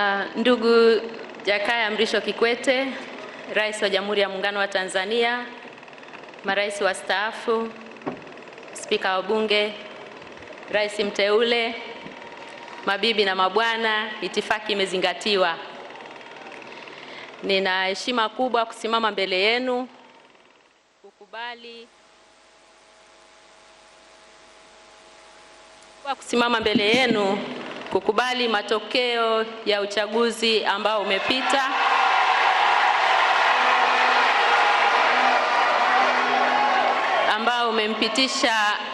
Uh, ndugu Jakaya Mrisho Kikwete, Rais wa Jamhuri ya Muungano wa Tanzania, marais wastaafu, spika wa Bunge, rais mteule, mabibi na mabwana, itifaki imezingatiwa. Nina heshima kubwa kusimama mbele yenu kukubali kusimama mbele yenu kukubali matokeo ya uchaguzi ambao umepita ambao umempitisha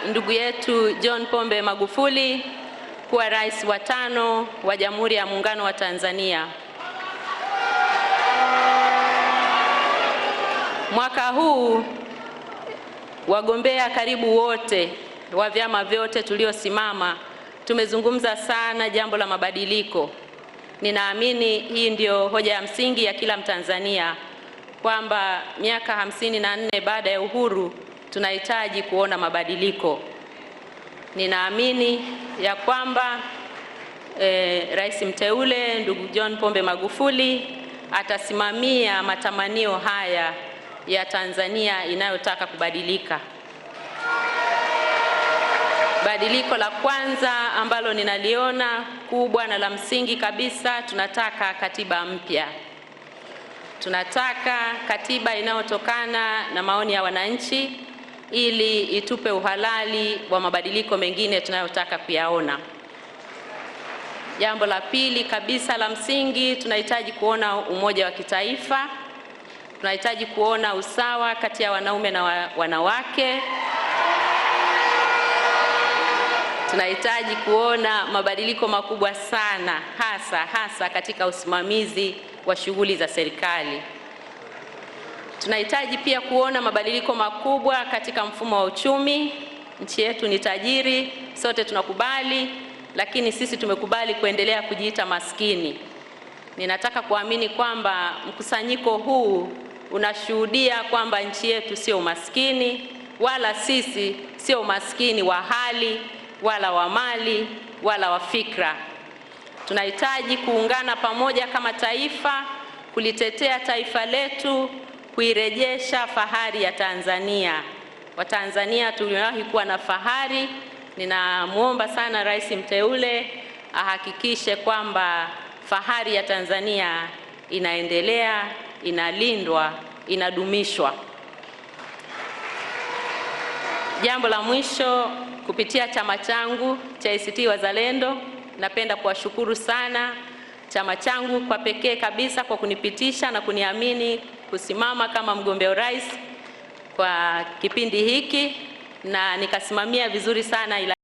ndugu yetu John Pombe Magufuli kuwa rais wa tano wa Jamhuri ya Muungano wa Tanzania. Mwaka huu wagombea karibu wote wa vyama vyote tuliosimama tumezungumza sana jambo la mabadiliko. Ninaamini hii ndiyo hoja ya msingi ya kila Mtanzania kwamba miaka hamsini na nne baada ya uhuru tunahitaji kuona mabadiliko. Ninaamini ya kwamba eh, Rais mteule ndugu John Pombe Magufuli atasimamia matamanio haya ya Tanzania inayotaka kubadilika. Badiliko la kwanza ambalo ninaliona kubwa na la msingi kabisa, tunataka katiba mpya. Tunataka katiba inayotokana na maoni ya wananchi, ili itupe uhalali wa mabadiliko mengine tunayotaka kuyaona. Jambo la pili kabisa la msingi, tunahitaji kuona umoja wa kitaifa. Tunahitaji kuona usawa kati ya wanaume na wanawake. Tunahitaji kuona mabadiliko makubwa sana, hasa hasa katika usimamizi wa shughuli za serikali. Tunahitaji pia kuona mabadiliko makubwa katika mfumo wa uchumi. Nchi yetu ni tajiri, sote tunakubali, lakini sisi tumekubali kuendelea kujiita maskini. Ninataka kuamini kwamba mkusanyiko huu unashuhudia kwamba nchi yetu sio umaskini, wala sisi sio umaskini wa hali wala wa mali wala wa fikra. Tunahitaji kuungana pamoja kama taifa kulitetea taifa letu, kuirejesha fahari ya Tanzania. Watanzania tuliwahi kuwa na fahari. Ninamwomba sana Rais mteule ahakikishe kwamba fahari ya Tanzania inaendelea, inalindwa, inadumishwa. Jambo la mwisho, kupitia chama changu cha ACT Wazalendo, napenda kuwashukuru sana chama changu kwa pekee kabisa kwa kunipitisha na kuniamini kusimama kama mgombea urais kwa kipindi hiki na nikasimamia vizuri sana ila